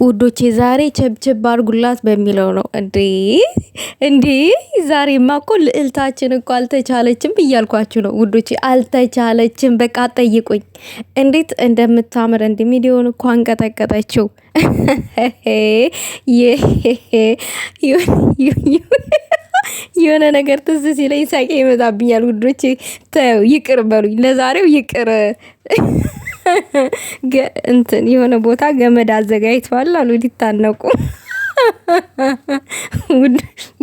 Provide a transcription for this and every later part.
ውዶቼ ዛሬ ቸብቸብ አድርጉላት በሚለው ነው። እንዴ እንዴ ዛሬማ እኮ ልዕልታችን እኮ አልተቻለችም እያልኳችሁ ነው ውዶቼ፣ አልተቻለችም። በቃ ጠይቁኝ እንዴት እንደምታምር እንዲ ሚዲዮን እኮ አንቀጠቀጠችው። የሆነ ነገር ትዝ ሲለኝ ሳቄ ይመጣብኛል ውዶቼ። ተው ይቅር በሉኝ፣ ለዛሬው ይቅር። እንትን የሆነ ቦታ ገመድ አዘጋጅተዋል አሉ ሊታነቁ።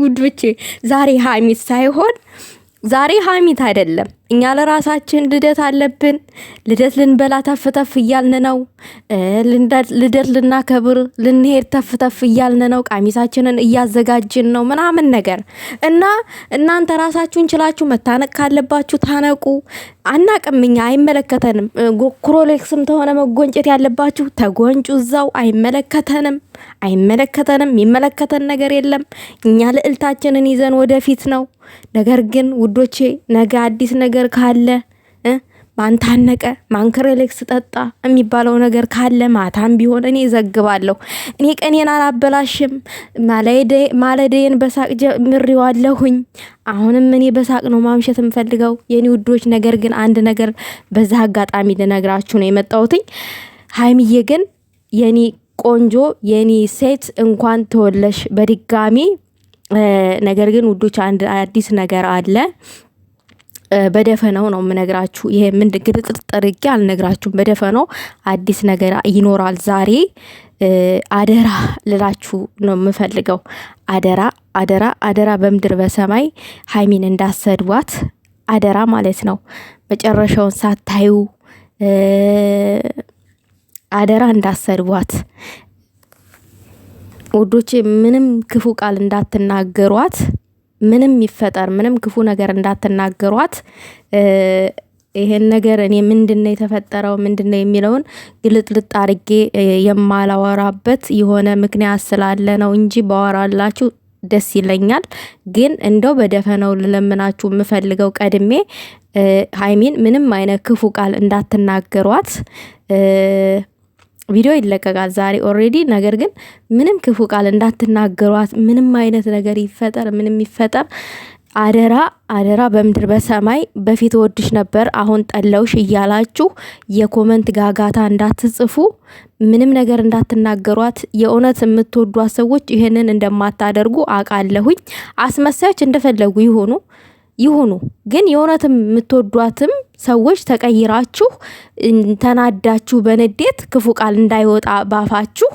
ውዶቼ ዛሬ ሀሚት ሳይሆን ዛሬ ሀሚት አይደለም። እኛ ለራሳችን ልደት አለብን። ልደት ልንበላ ተፍተፍ እያልን ነው። ልደት ልናከብር ልንሄድ ተፍተፍ እያልን ነው። ቀሚሳችንን እያዘጋጅን ነው ምናምን ነገር እና እናንተ ራሳችሁን ችላችሁ መታነቅ ካለባችሁ ታነቁ። አናቅምኛ፣ አይመለከተንም። ክሮሌክስም ተሆነ መጎንጨት ያለባችሁ ተጎንጩ እዛው፣ አይመለከተንም፣ አይመለከተንም። የሚመለከተን ነገር የለም። እኛ ልዕልታችንን ይዘን ወደፊት ነው። ነገር ግን ውዶቼ ነገ አዲስ ነገር ካለ ማን ታነቀ ማን ክሬሌክስ ጠጣ የሚባለው ነገር ካለ ማታም ቢሆን እኔ ዘግባለሁ። እኔ ቀኔን አላበላሽም። ማለዴን በሳቅ ጀምሬዋለሁኝ። አሁንም እኔ በሳቅ ነው ማምሸት የምፈልገው የኔ ውዶች። ነገር ግን አንድ ነገር በዛ አጋጣሚ ልነግራችሁ ነው የመጣሁትኝ። ሀይምዬ ግን የኔ ቆንጆ የኔ ሴት እንኳን ተወለሽ በድጋሚ። ነገር ግን ውዶች አንድ አዲስ ነገር አለ። በደፈነው ነው የምነግራችሁ። ይሄ ምን ግልጥጥ ጠርጌ አልነግራችሁም። በደፈነው አዲስ ነገር ይኖራል። ዛሬ አደራ ልላችሁ ነው የምፈልገው። አደራ አደራ አደራ፣ በምድር በሰማይ ሀይሚን እንዳሰድዋት አደራ ማለት ነው። መጨረሻውን ሳታዩ አደራ እንዳሰድቧት ውዶቼ፣ ምንም ክፉ ቃል እንዳትናገሯት። ምንም ይፈጠር ምንም ክፉ ነገር እንዳትናገሯት። ይሄን ነገር እኔ ምንድነው የተፈጠረው ምንድነው የሚለውን ግልጥልጥ አድርጌ የማላወራበት የሆነ ምክንያት ስላለ ነው እንጂ ባወራላችሁ ደስ ይለኛል። ግን እንደው በደፈነው ልለምናችሁ የምፈልገው ቀድሜ ሀይሚን ምንም አይነት ክፉ ቃል እንዳትናገሯት ቪዲዮ ይለቀቃል ዛሬ ኦሬዲ። ነገር ግን ምንም ክፉ ቃል እንዳትናገሯት፣ ምንም አይነት ነገር ይፈጠር፣ ምንም ይፈጠር አደራ አደራ በምድር በሰማይ በፊት ወድሽ ነበር አሁን ጠለውሽ እያላችሁ የኮመንት ጋጋታ እንዳትጽፉ፣ ምንም ነገር እንዳትናገሯት። የእውነት የምትወዷት ሰዎች ይህንን እንደማታደርጉ አውቃለሁኝ። አስመሳዮች እንደፈለጉ ይሆኑ ይሁኑ ግን የእውነትም የምትወዷትም ሰዎች ተቀይራችሁ ተናዳችሁ በንዴት ክፉ ቃል እንዳይወጣ ባፋችሁ።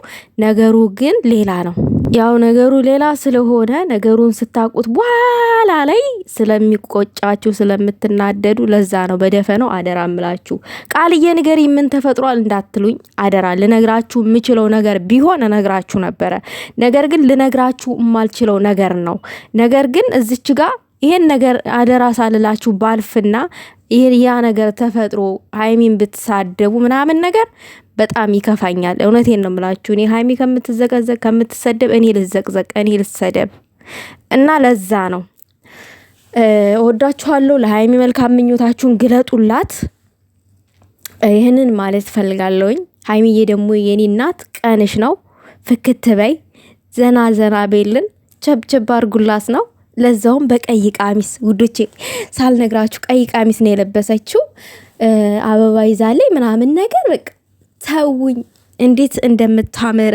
ነገሩ ግን ሌላ ነው። ያው ነገሩ ሌላ ስለሆነ ነገሩን ስታቁት በኋላ ላይ ስለሚቆጫችሁ ስለምትናደዱ፣ ለዛ ነው በደፈነው አደራ ምላችሁ ቃልዬ ንገሪኝ ምን ተፈጥሯል እንዳትሉኝ አደራ። ልነግራችሁ የምችለው ነገር ቢሆን እነግራችሁ ነበረ። ነገር ግን ልነግራችሁ የማልችለው ነገር ነው። ነገር ግን እዚች ጋር ይሄን ነገር አደራ ሳልላችሁ ባልፍና ያ ነገር ተፈጥሮ ሀይሚን ብትሳደቡ ምናምን ነገር በጣም ይከፋኛል። እውነቴን ነው የምላችሁ። እኔ ሀይሚ ከምትዘቀዘቅ ከምትሰደብ እኔ ልዘቅዘቅ፣ እኔ ልሰደብ እና ለዛ ነው ወዳችኋለሁ። ለሀይሚ መልካም ምኞታችሁን ግለጡላት። ይህንን ማለት ፈልጋለሁኝ። ሀይሚዬ ደግሞ የኔ እናት ቀንሽ ነው። ፍክት በይ ዘና ዘና ቤልን ቸብቸብ አርጉላት ነው ለዛውም በቀይ ቀሚስ ውዶቼ፣ ሳልነግራችሁ ቀይ ቀሚስ ነው የለበሰችው። አበባ ላይ ምናምን ነገር በቃ ተውኝ፣ እንዴት እንደምታምረ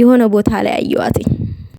የሆነ ቦታ ላይ አየዋትኝ።